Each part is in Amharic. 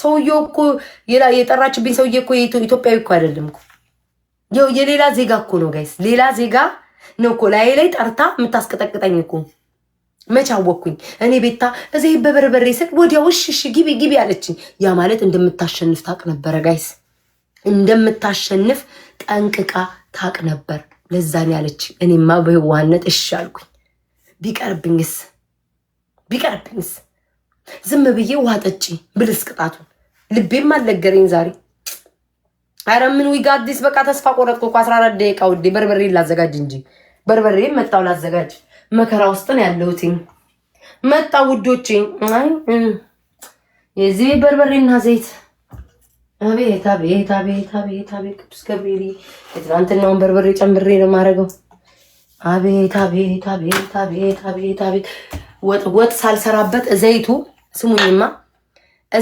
ሰውየው እኮ የጠራችብኝ ሰውዬ እኮ ኢትዮጵያዊ እኮ አይደለም እኮ የሌላ ዜጋ እኮ ነው ጋይስ፣ ሌላ ዜጋ ነው እኮ ላይ ላይ ጠርታ የምታስቀጠቅጠኝ እኮ። መች አወቅኩኝ እኔ ቤታ እዚህ በበርበሬ ስል ወዲያው እሺ እሺ ግቢ ግቢ አለችኝ። ያ ማለት እንደምታሸንፍ ታቅ ነበረ ጋይስ፣ እንደምታሸንፍ ጠንቅቃ ታቅ ነበር። ለዛን ያለች እኔማ በህዋነት እሺ አልኩኝ። ቢቀርብኝስ ቢቀርብኝስ ዝም ብዬ ውሃ ጠጪ ብልስ ቅጣቱን ልቤም አልነገረኝ ዛሬ። አረ ምን ዊጋ አዲስ በቃ ተስፋ ቆረጥኩ እኮ 14 ደቂቃ ውዴ። በርበሬ ላዘጋጅ እንጂ በርበሬ መጣው ላዘጋጅ። መከራ ውስጥ ነው ያለሁት። መጣ ውዶቼ። አይ የዚህ በርበሬና ዘይት አቤት አቤት አቤት አቤት አቤት ቅዱስ ገብርኤል የትናንትናውን በርበሬ ጨምሬ ነው የማደርገው። አቤት አቤት አቤት አቤት አቤት አቤት ወጥ ወጥ ሳልሰራበት ዘይቱ ስሙኝማ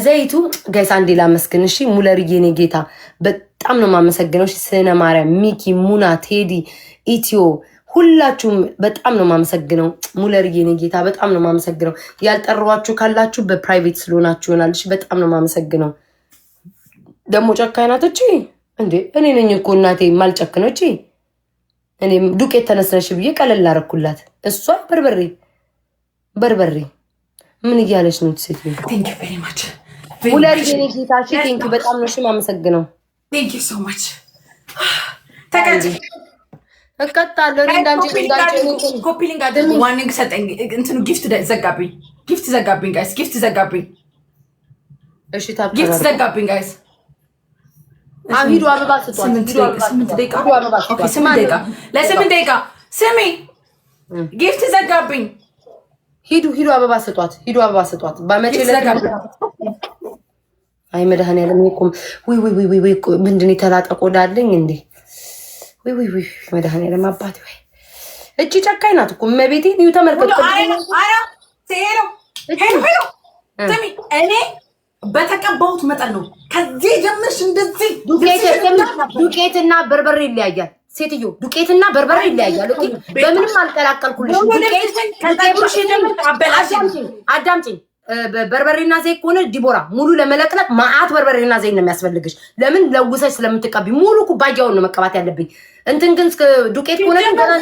ዘይቱ ጋይስ አንዴ ላመስግን። እሺ ሙለርዬ፣ እኔ ጌታ በጣም ነው የማመሰግነው። ስነ ማርያም፣ ሚኪ፣ ሙና፣ ቴዲ፣ ኢትዮ ሁላችሁም በጣም ነው የማመሰግነው። ሙለርዬ፣ እኔ ጌታ በጣም ነው የማመሰግነው። ያልጠሯችሁ ካላችሁ በፕራይቬት ስለሆናችሁ ይሆናል። እሺ በጣም ነው የማመሰግነው። ደግሞ ጨካኝ ናት እቺ። እንዴ እኔ ነኝ እኮ እናቴ ነው እቺ። እኔም ዱቄት ተነስነሽ ብዬ ቀለል አደረኩላት። እሷ በርበሬ በርበሬ ምን እያለች ነው ሴት? ሁለት ጌታችን ቴንኪው በጣም ነው የማመሰግነው። እቀጣለሁ እንትኑ ጊፍት ዘጋብኝ፣ ጊፍት ዘጋብኝ፣ ጋይስ ጊፍት ዘጋብኝ፣ ጊፍት ዘጋብኝ ጋይስ ሂዱ አበባ ስጧት። ለስምንት ደቂቃ ስሚ ጊፍት ዘጋብኝ ሂዱ ሂዱ አበባ ስጧት፣ ሂዱ አበባ ስጧት። በመቼ ዕለት አይ መድኃኒዓለም ይቁም። ወይ ወይ ወይ ምንድን የተላጠ ቆዳ አለኝ እንዴ? ወይ ወይ ወይ መድኃኒዓለም አባት ወይ እቺ ጨካኝ ናት እኮ እመቤቴ። እዩ ተመልከቱ። እኔ በተቀባሁት መጠን ነው። ከዚህ ጀምርሽ እንደዚህ ዱቄት እና በርበሬ ይለያያል። ሴትዮ ዱቄትና በርበሬ ይለያያሉ። በምንም አልቀላቀልኩልሽም። አዳምጪኝ። በርበሬና ዘይት ከሆነ ዲቦራ ሙሉ ለመለቅለቅ ማአት በርበሬና ዘይት ነው የሚያስፈልግሽ። ለምን ለውሰሽ ስለምትቀቢ ሙሉ ኩባያውን ነው መቀባት ያለብኝ። እንትን ግን ዱቄት ከሆነ ዱቄት ከሆነ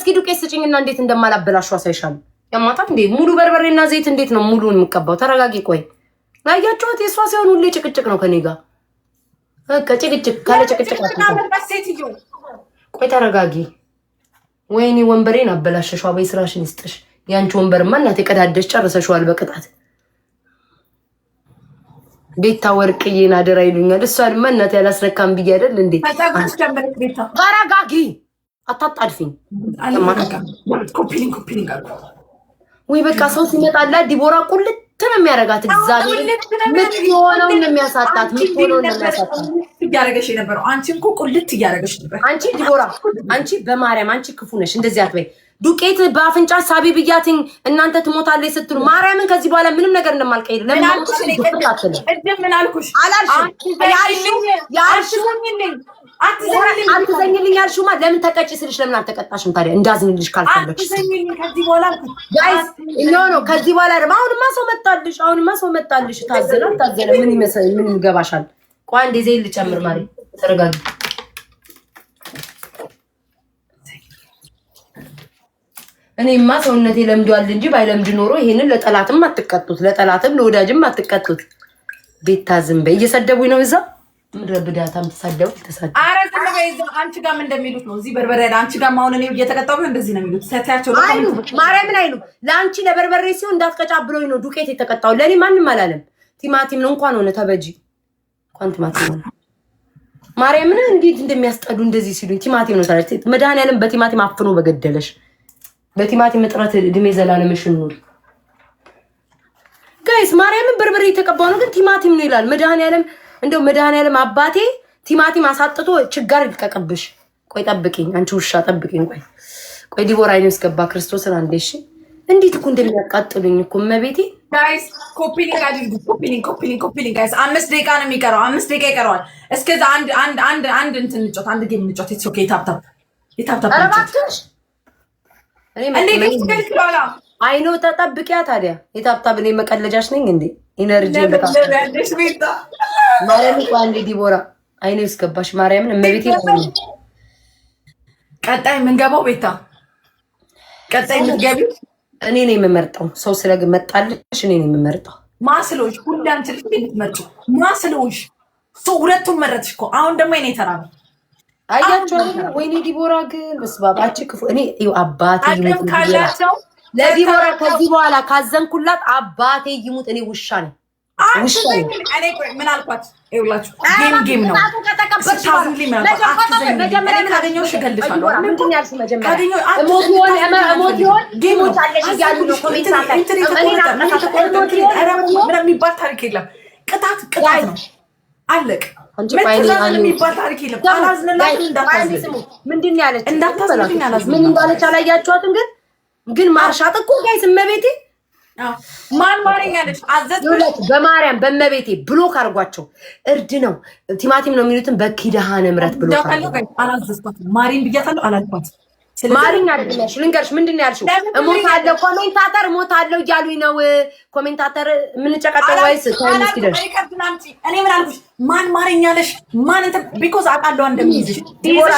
እስኪ ዱቄት ስጭኝና እንዴት እንደማላበላሹ አሳይሻለሁ። ያማጣት እንዴ ሙሉ በርበሬና ዘይት እንዴት ነው ሙሉን የምቀባው? ተረጋጊ። ቆይ ላያቸዋት የእሷ ሳይሆን ሁሌ ጭቅጭቅ ነው ከኔ ጋር በቃ ጭቅጭቅ ካለ ጭቅጭቅ ሴትዮ ቆይ ተረጋጊ። ወይኔ ወንበሬን አበላሸሽ። አበይ ስራሽን ይስጥሽ። ያንቺ ወንበርማ እናቴ ቀዳደሽ ጨርሰሽዋል በቅጣት ቤታ ወርቅዬን አደራ ይሉኛል። እሷ ድማ እናቴ ያላስነካም ብዬ አይደል እንዴ? ተረጋጊ፣ አታጣድፊኝ። ወይ በቃ ሰው ሲመጣላት ዲቦራ ቁልጥ እንትን የሚያደርጋት እግዚአብሔር የምትሆነውን ነው የሚያሳጣት። የምትሆነውን ነው የሚያሳጣት እያደረገሽ የነበረው አንቺ እኮ ቁልት እያደረገሽ ነበር። አንቺ ዲቦራ፣ አንቺ በማርያም አንቺ ክፉ ነሽ። እንደዚህ አትበይ። ዱቄት በአፍንጫ ሳቢ ብያትኝ እናንተ ትሞታለች ስትሉ ማርያምን ከዚህ በኋላ ምንም ነገር እንደማልቀይር ለምን አልኩሽ? ምን አልኩሽ? ያልሽ ያልሽኝ አትዘኝልኝ ለምን ተቀጭ ስልሽ ለምን አልተቀጣሽም ታዲያ? እንዳዝንልሽ ካልፈለግሽ ከዚህ በኋላ ከዚህ በኋላ ደግሞ አሁንማ ሰው መጣልሽ፣ አሁንማ ሰው መጣልሽ። ታዘነ ታዘነ ምን ይመስል ምን ይገባሻል? ቆይ አንዴ ዘይት ልጨምር። ማሪ ተረጋጊ። እኔማ ሰውነቴ ለምዷል እንጂ ባይለምድ ኖሮ ይሄንን ለጠላትም አትቀጡት፣ ለጠላትም ለወዳጅም አትቀጡት። ቤታ ዝም በይ። እየሰደቡኝ ነው እዛ ምድረ ብዳታ የምትሳደቡ ተሳደ አረ ዝም በይ። እዛው አንቺ ጋርም እንደሚሉት ነው። እዚህ በርበሬ አንቺ ጋርም አሁን እኔ እየተቀጣሁ እንደዚህ ነው የሚሉት። ሰታያቸው አይሉ ማርያምን አይሉ ለአንቺ ለበርበሬ ሲሆን እንዳትቀጫ ብሎኝ ነው ዱቄት የተቀጣው። ለእኔ ማንም አላለም። ቲማቲም ነው እንኳን ሆነ ተበጂ እንኳን ቲማቲም ሆነ ማርያምን እንዴት እንደሚያስጠሉ እንደዚህ ሲሉኝ ቲማቲም ነው ሳለች መድኃኒዓለም በቲማቲም አፍኖ በገደለሽ በቲማቲም እጥረት እድሜ ዘላለምሽ ኑሪ። ጋይስ ማርያምን በርበሬ የተቀባው ነው ግን ቲማቲም ነው ይላል መድኃኒዓለም እንደው መድኃኒዓለም አባቴ ቲማቲም አሳጥቶ ችጋር ይልቀቅብሽ። ቆይ ጠብቂኝ፣ አንቺ ውሻ ጠብቂኝ። ቆይ ቆይ ዲቦራ አይነ ስገባ ክርስቶስን አንዴ እሺ። እንዴት እኮ እንደሚያቃጥሉኝ እኮ መቤቴ። ጋይስ ኮፒሊንግ አድርጉ፣ ኮፒሊንግ ኮፒሊንግ ኮፒሊንግ። ጋይስ አምስት ደቂቃ ነው የሚቀረው፣ አምስት ደቂቃ ይቀረዋል። እስከዛ አንድ አንድ አንድ አንድ እንትን እንጫወት፣ አንድ ጌም እንጫወት። ኢትስ ኦኬ። ታፕ ታፕ ታፕ ታፕ። እንዴት ይከልክላላ አይኖ ተጠብቂያ። ታዲያ የታብታብ እኔ መቀለጃሽ ነኝ እንዴ? ኢነርጂ ማርያም እኮ እንዴ ዲቦራ አይኖ ይስገባሽ ማርያምን እመቤቴ። ቀጣይ የምንገባው ቤታ፣ ቀጣይ የምትገቢ እኔ ነው የምመርጠው። ሰው ስለግ ስለመጣልሽ እኔ ነው የምመርጠው። ማስሎሽ ሁላንት ልትመርጡ ማስሎሽ ሱ ሁለቱም መረጥሽ እኮ። አሁን ደግሞ የኔ ተራ አያቸው ወይኔ ዲቦራ ግን ስባባች ክፉ እኔ አባት ካላቸው ለዲቦራ ከዚህ በኋላ ካዘንኩላት አባቴ ይሙት። እኔ ውሻ ነኝ። ምንድን ነው ያለችው? ምን እንዳለች አላያችኋትም ግን ግን ማርሻት እኮ ጋይስ እመቤቴ ማን ማረኝ አለች። በማርያም በመቤቴ ብሎክ አድርጓቸው። እርድ ነው ቲማቲም ነው የሚሉትን በኪዳነ ምሕረት ብሎክ ማሪን ብያታለሁ አላልኳት። ማሪኝ አድነሽ ልንገርሽ፣ ምንድን ነው ያልሽው? እሞታለሁ ኮሜንታተር እሞታለሁ እያሉኝ ነው ኮሜንታተር የምንጨቀጠው ወይስ ደርሽ? እኔ ምን አልኩሽ? ማን ማረኝ አለሽ? ማን ቢኮዝ አውቃለሁ እንደሚይዝሽ ዲቦራ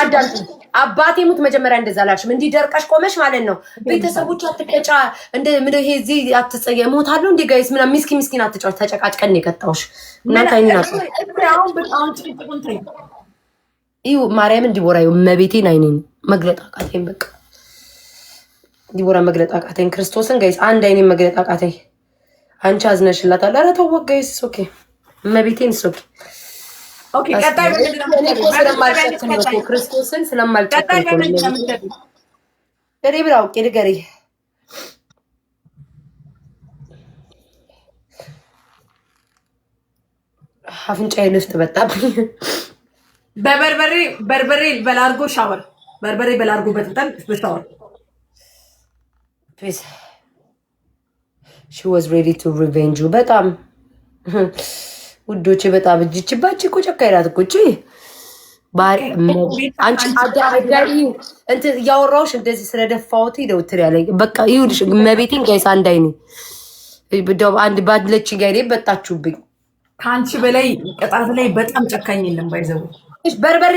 አባቴ ሙት መጀመሪያ እንደዛ ላልሽም እንዲህ ደርቀሽ ቆመሽ ማለት ነው። ቤተሰቦች አትቀጫ እንደ ምን ይሄ እዚህ አትጸየ እሞታለሁ እንደ ጋይስ ምና ሚስኪ ሚስኪን አትጫወች። ተጨቃጭቀን የቀጣሁሽ እናት አይና ይኸው ማርያም እንዲቦራ ይኸው መቤቴን አይኔን መግለጥ አቃተኝ። በቃ እንዲቦራ መግለጥ አቃተኝ። ክርስቶስን ጋይስ አንድ አይኔን መግለጥ አቃተኝ። አንቺ አዝነሽላታል። ኧረ ተወው ጋይስ ኦኬ መቤቴን ኦኬ ክርስቶስን ስለማልጨክሬ ብላ አውቄ ንገሪኝ። አፍንጫዬ ንፍጥ በጣብኝ። በበርበሬ በርበሬ በላርጎ ሻወር በርበሬ በላርጎ በሻወር ሺ ሬዲ ቱ ሪቬንጅ በጣም ውዶች በጣም እጅች ባች እኮ ጨካኝ ናት እኮ እቺ። እያወራሁሽ እንደዚህ ስለደፋሁት ነው እንትን ያለኝ። በቃ ይኸውልሽ መቤቴን ጋይስ አንድ አይኔ አንድ ባለች ጋይኔ በጣችሁብኝ። ከአንቺ በላይ ቅጣት ላይ በጣም ጨካኝ የለም። ባይዘቡ በርበሬ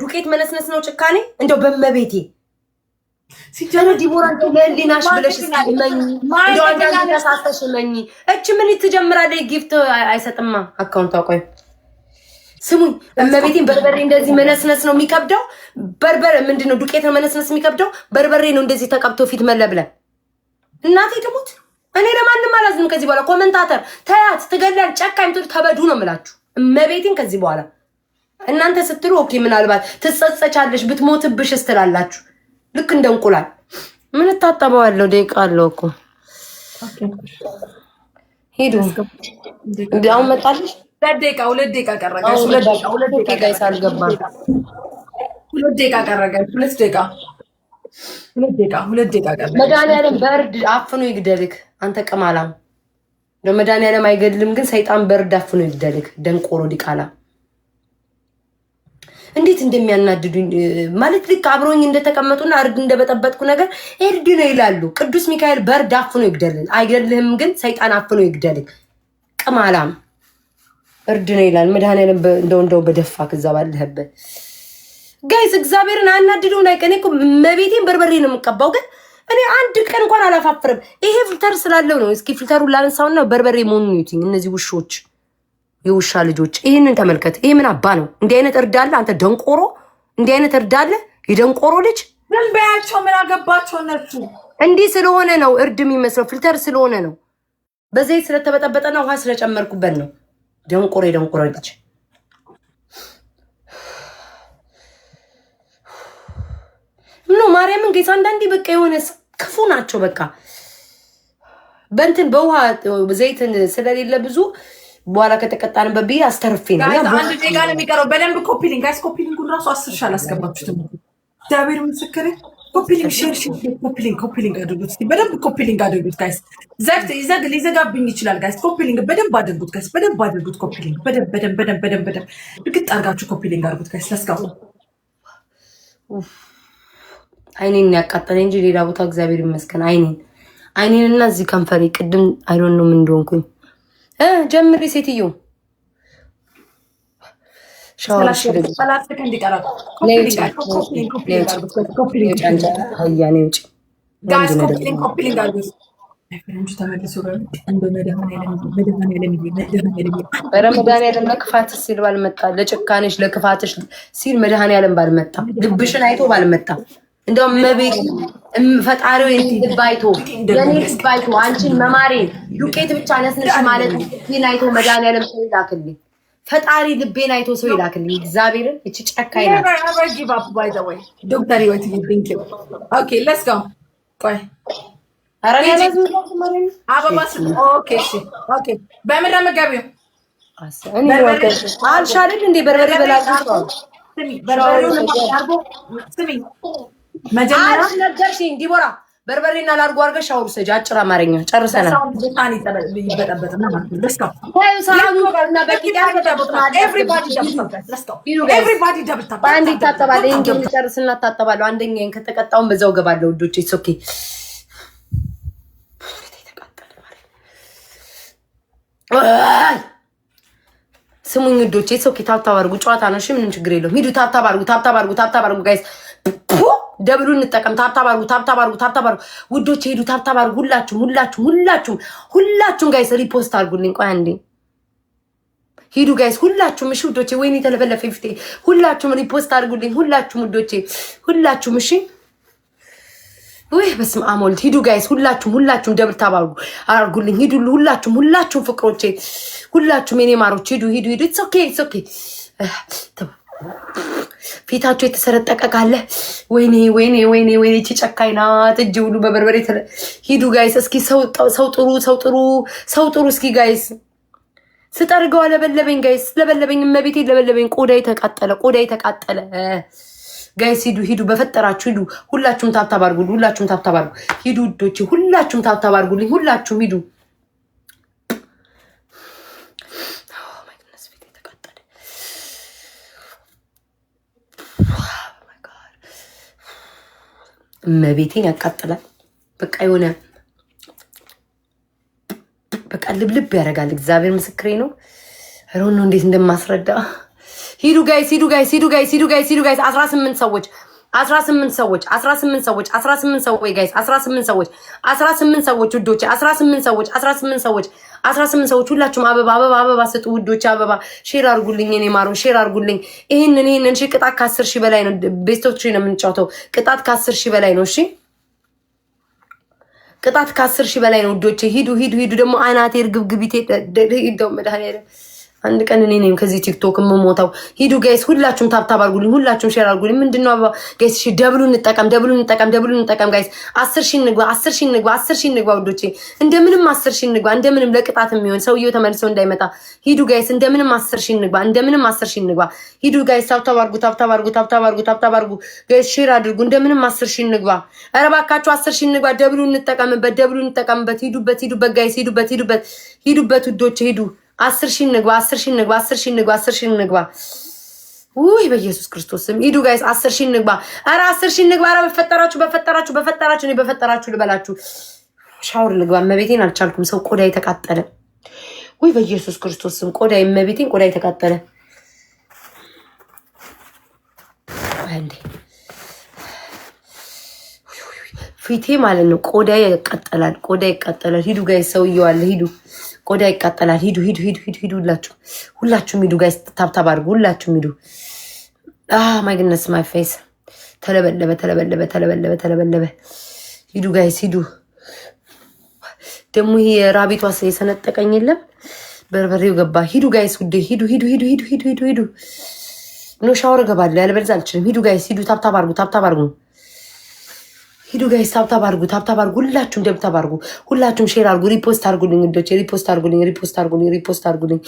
ዱቄት መነስነስ ነው ጭካኔ እንደው በመቤቴ ሲጀመር ዲቦራ እንደው ለህሊናሽ ብለሽ እስኪመኝ እንደው አንዳንድ ተሳተሽ መኝ እች ምን ትጀምራለች? ጊፍት አይሰጥማ አካውንት አቆይ ስሙኝ እመቤቴን፣ በርበሬ እንደዚህ መነስነስ ነው የሚከብደው። በርበሬ ምንድን ነው ዱቄት ነው መነስነስ የሚከብደው። በርበሬ ነው እንደዚህ ተቀብቶ ፊት መለብለ። እናቴ ትሙት፣ እኔ ለማንም አላዝንም ከዚህ በኋላ። ኮመንታተር ተያት፣ ትገላል፣ ጨካኝ ተበዱ ነው የምላችሁ እመቤቴን ከዚህ በኋላ እናንተ ስትሉ ኦኬ፣ ምናልባት ትጸጸቻለሽ ብትሞትብሽ ስትላላችሁ ልክ እንደ እንቁላል ምን ታጠበዋለሁ? ደቂቃ አለው እኮ ሄዱ። አሁን መጣልሽ። ሁለት ደቂቃ ሁለት ደቂቃ በእርድ አፍኖ ይግደልክ አንተ ቅማላም። መድኃኒዓለም አይገድልም ግን ሰይጣን በእርድ አፍኖ ይግደልክ ደንቆሮ ዲቃላ እንዴት እንደሚያናድዱኝ ማለት ልክ አብሮኝ እንደተቀመጡና እርድ እንደበጠበጥኩ ነገር እርድ ነው ይላሉ። ቅዱስ ሚካኤል በእርድ አፍኖ ይግደልን፣ አይገድልህም ግን ሰይጣን አፍኖ ይግደልን። ቅማላም እርድ ነው ይላል። መድኃኒዓለም እንደው እንደው በደፋ ከዛ ባለህበት ጋይስ እግዚአብሔርን አናድደውን አይቀ እኔ መቤቴን በርበሬ ነው የምቀባው ግን እኔ አንድ ቀን እንኳን አላፋፍርም። ይሄ ፊልተር ስላለው ነው። እስኪ ፊልተሩን ላንሳውና በርበሬ መሆኑን ይዩትኝ እነዚህ ውሾች የውሻ ልጆች ይህንን ተመልከት። ይህ ምን አባ ነው? እንዲህ አይነት እርዳለ አንተ ደንቆሮ፣ እንዲህ አይነት እርዳለ የደንቆሮ ልጅ። ዝም በያቸው፣ ምን አገባቸው እነሱ። እንዲህ ስለሆነ ነው እርድ የሚመስለው፣ ፊልተር ስለሆነ ነው፣ በዘይት ስለተበጠበጠና ውሃ ስለጨመርኩበት ነው። ደንቆሮ፣ የደንቆሮ ልጅ ምነው ማርያምን ጌታ። አንዳንዴ በቃ የሆነ ክፉ ናቸው። በቃ በእንትን በውሃ ዘይትን ስለሌለ ብዙ በኋላ ከተቀጣንበት ብዬ አስተርፌ ነው። አንድ ደቂቃ ነው የሚቀረው። በደንብ ኮፒሊንግ ጋይስ፣ ኮፒሊንጉን ራሱ አስር ሺህ አላስገባችሁትም። እግዚአብሔር ምስክሬ። ኮፒሊንግ ሼር፣ ኮፒሊንግ ኮፒሊንግ አድርጉት። በደንብ ኮፒሊንግ አድርጉት ጋይስ። ዘግት ይዘግ ሊዘጋብኝ ይችላል ጋይስ። ኮፒሊንግ በደንብ አድርጉት ጋይስ። በደንብ አድርጉት ኮፒሊንግ። በደንብ በደንብ በደንብ በደንብ በደንብ እርግጥ አድርጋችሁ ኮፒሊንግ አድርጉት ጋይስ። ለስጋቡ አይኔን ያቃጠለ እንጂ ሌላ ቦታ እግዚአብሔር ይመስገን አይኔን አይኔንና እዚህ ከንፈሬ ቅድም አይዶን ነው ምን እንደሆንኩኝ ጀምሪ ሴትዮ። በመድኃኒዓለም ለክፋትሽ ሲል ባልመጣ፣ ለጭካኔሽ ለክፋትሽ ሲል መድኃኒዓለም ባልመጣ፣ ልብሽን አይቶ ባልመጣ እንደውም መቤት ፈጣሪ የኔ ልብ የኔ ልብ አይቶ አንቺን መማሬ ዱቄት ብቻ ነስንሽ ማለት ልቤን አይቶ መድኃኒዓለም ሰው ይላክልኝ። ፈጣሪ ልቤን አይቶ ሰው ይላክልኝ። እግዚአብሔርን እቺ ጨካ ይላል። ዶክተር ለስ ጋር ቆይ አበባስ በምድረ አልሻልን እንዴ በርበሬ በላ ስሚ መጀመሪያ ነገርሽኝ ዲቦራ በርበሬና ላርጎ አድርገሽ ሻወር ውሰጂ። አጭር አማርኛ ጨርሰናል። በአንድ ይታጠባል። ይህን ጨርስና ታጠባለሁ። አንደኛዬን ከተቀጣውን በዛው ገባለሁ። ውዶች ሶኬ ስሙኝ ውዶቼ፣ ሶኬ ታብታብ አድርጉ። ጨዋታ ነው። ምንም ችግር የለውም። ሂዱ ታብታብ አድርጉ፣ ታብታብ አድርጉ፣ ታብታብ አድርጉ ጋይስ ደብሉ እንጠቀም። ታብታባሩ ታብታባሩ ታብታባሩ ውዶች ሄዱ። ታብታባሩ ሁላችሁም ሁላችሁም ሁላችሁም ሁላችሁም ጋይስ ሪፖስት አድርጉልኝ። ቆይ አንዴ ሂዱ ጋይስ ሁላችሁም። እሺ ውዶቼ፣ ወይኔ የተለበለፈ ፊቴ። ሁላችሁም ሪፖስት አድርጉልኝ። ሁላችሁም ውዶቼ፣ ሁላችሁም እሺ ወይ በስመ አብ ወልድ። ሂዱ ጋይስ ሁላችሁም ሁላችሁም ደብል ታባሩ አርጉልኝ። ሂዱ ሁላችሁም ሁላችሁም ፍቅሮቼ፣ ሁላችሁም የኔ ማሮች ሂዱ ሂዱ ሂዱ። ኢትስ ኦኬ ኢትስ ኦኬ ፊታቸው የተሰረጠቀ ካለ ወይኔ ወይኔ ወይኔ ወይኔ እቺ ጨካኝ ናት። እጅ ሁሉ በበርበሬ ሂዱ ጋይስ። እስኪ ሰው ጥሩ ሰው ጥሩ ሰው ጥሩ እስኪ ጋይስ። ስጠርገዋ ለበለበኝ ጋይስ፣ ለበለበኝ፣ እመቤቴ ለበለበኝ። ቆዳ ተቃጠለ፣ ቆዳ ተቃጠለ። ጋይስ ሂዱ ሂዱ፣ በፈጠራችሁ ሂዱ። ሁላችሁም ታብታብ አድርጉልኝ፣ ሁላችሁም ታብታብ አድርጉ። ሂዱ ውዶቼ፣ ሁላችሁም ታብታብ አድርጉልኝ፣ ሁላችሁም ሂዱ። እመቤቴን ያቃጥላል። በቃ የሆነ በቃ ልብልብ ያደርጋል። እግዚአብሔር ምስክሬ ነው። ነው እንዴት እንደማስረዳ ሂዱ ጋይስ፣ ሂዱ ጋይ ሂዱ ጋይ ሂዱ ጋይ ሂዱ ጋይ 18 ሰዎች 18 ሰዎች 18 ሰዎች 18 ሰዎች ጋይስ፣ 18 ሰዎች 18 ሰዎች ውዶቼ፣ 18 ሰዎች 18 ሰዎች አስራ ስምንት ሰዎች ሁላችሁም አበባ አበባ አበባ ስጡ ውዶች፣ አበባ ሼር አርጉልኝ፣ እኔ ማሩ ሼር አርጉልኝ። ይህንን ይህንን ሺ ቅጣት ከአስር ሺ በላይ ነው። ቤስቶች ነው የምንጫውተው። ቅጣት ከአስር ሺ በላይ ነው። እሺ ቅጣት ከአስር ሺ በላይ ነው ውዶች። ሂዱ ሂዱ ሂዱ። ደግሞ አናቴ እርግብግቢቴ ደው መድኃኒዓለም አንድ ቀን እኔ ነኝ ከዚህ ቲክቶክ የምሞታው። ሂዱ ጋይስ፣ ሁላችሁም ታብታብ አርጉልኝ፣ ሁላችሁም ሼር አርጉልኝ። ምንድን ነው ጋይስ? እሺ ደብሉ እንጠቀም፣ ደብሉ እንጠቀም፣ ደብሉ እንጠቀም ጋይስ። አስር ሺህ እንግባ፣ አስር ሺህ እንግባ፣ አስር ሺህ እንግባ ውዶቼ፣ እንደምንም አስር ሺህ እንግባ፣ እንደምንም ለቅጣት የሚሆን ሰውየው ተመልሶ እንዳይመጣ። ሂዱ ጋይስ፣ እንደምንም አስር ሺህ እንግባ፣ እንደምንም አስር ሺህ እንግባ። ሂዱ ጋይስ፣ ታብታብ አርጉ፣ ታብታብ አርጉ፣ ታብታብ አርጉ፣ ታብታብ አርጉ ጋይስ፣ ሼር አድርጉ፣ እንደምንም አስር ሺህ እንግባ። ኧረ እባካችሁ አስር ሺህ እንግባ፣ ደብሉ እንጠቀምበት፣ ደብሉ እንጠቀምበት። ሂዱበት፣ ሂዱበት ጋይስ፣ ሂዱበት፣ ሂዱበት፣ ሂዱበት ውዶቼ፣ ሂዱ አስር ሺህ እንግባ፣ አስር ሺህ እንግባ፣ አስር ሺህ እንግባ፣ አስር ሺህ እንግባ። ውይ በኢየሱስ ክርስቶስ ስም ሂዱ ጋይስ፣ አስር ሺህ እንግባ። ኧረ አስር ሺህ እንግባ። ኧረ በፈጠራችሁ፣ በፈጠራችሁ፣ በፈጠራችሁ፣ እኔ በፈጠራችሁ ልበላችሁ። ሻወር ልግባ። እመቤቴን አልቻልኩም። ሰው ቆዳ የተቃጠለ ውይ በኢየሱስ ክርስቶስ ስም ቆዳ፣ እመቤቴን ቆዳ የተቃጠለ ፊቴ ማለት ነው። ቆዳ ይቀጠላል፣ ቆዳ ይቀጠላል። ሂዱ ጋይስ፣ ሰውየዋለ ሂዱ ቆዳ ይቃጠላል። ሂዱ ሂዱ ሂዱ ሂዱ ሂዱ፣ ሁላችሁ ሁላችሁም ሂዱ ጋይስ፣ ታብታብ አድርጉ። ሁላችሁም ሂዱ። ማይግነስ ማይ ፌስ ተለበለበ ተለበለበ ተለበለበ ተለበለበ። ሂዱ ጋይስ ሂዱ። ደግሞ ይሄ የራቢቷ የሰነጠቀኝ የለም በርበሬው ገባ። ሂዱ ጋይስ ውዴ፣ ሂዱ ሂዱ ሂዱ ሂዱ ሂዱ ሂዱ ኖ ሻወር ገባለሁ፣ ያለበለዚያ አልችልም። ሂዱ ጋይስ ሂዱ። ታብታብ አድርጉ፣ ታብታብ አድርጉ። ሂዱ ጋይስ ታብታብ አርጉ፣ ታብታብ አርጉ፣ ሁላችሁም ደብታብ አርጉ፣ ሁላችሁም ሼር አርጉ፣ ሪፖስት አርጉልኝ፣ እንዶች ሪፖስት አርጉልኝ፣ ሪፖስት አርጉልኝ፣ ሪፖስት አርጉልኝ።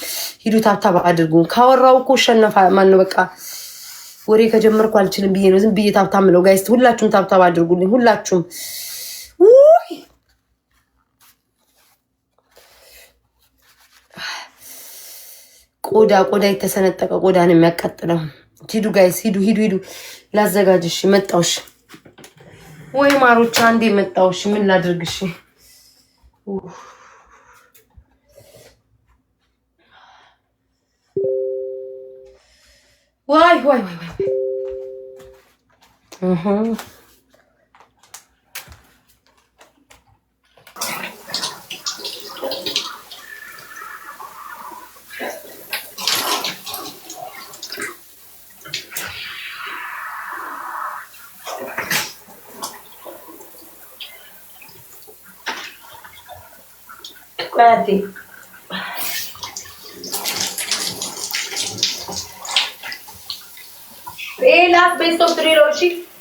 ሂዱ ታብታብ አድርጉ። ካወራው እኮ ሸነፋ ማን ነው? በቃ ወሬ ከጀመርኩ አልችልም ብዬ ነው ዝም ብዬ ታብታብ ምለው። ጋይስ ሁላችሁም ታብታብ አድርጉልኝ፣ ሁላችሁም ውይ ቆዳ ቆዳ የተሰነጠቀ ቆዳን የሚያቃጥለው ሂዱ ጋይስ ሂዱ ሂዱ ሂዱ። ላዘጋጅሽ መጣውሽ ወይ ማሮች አንዴ መጣውሽ። ምን ላድርግሽ? ዋይ ዋይ ዋይ ዋይ Pwede. Eh, last base of three, Roshi.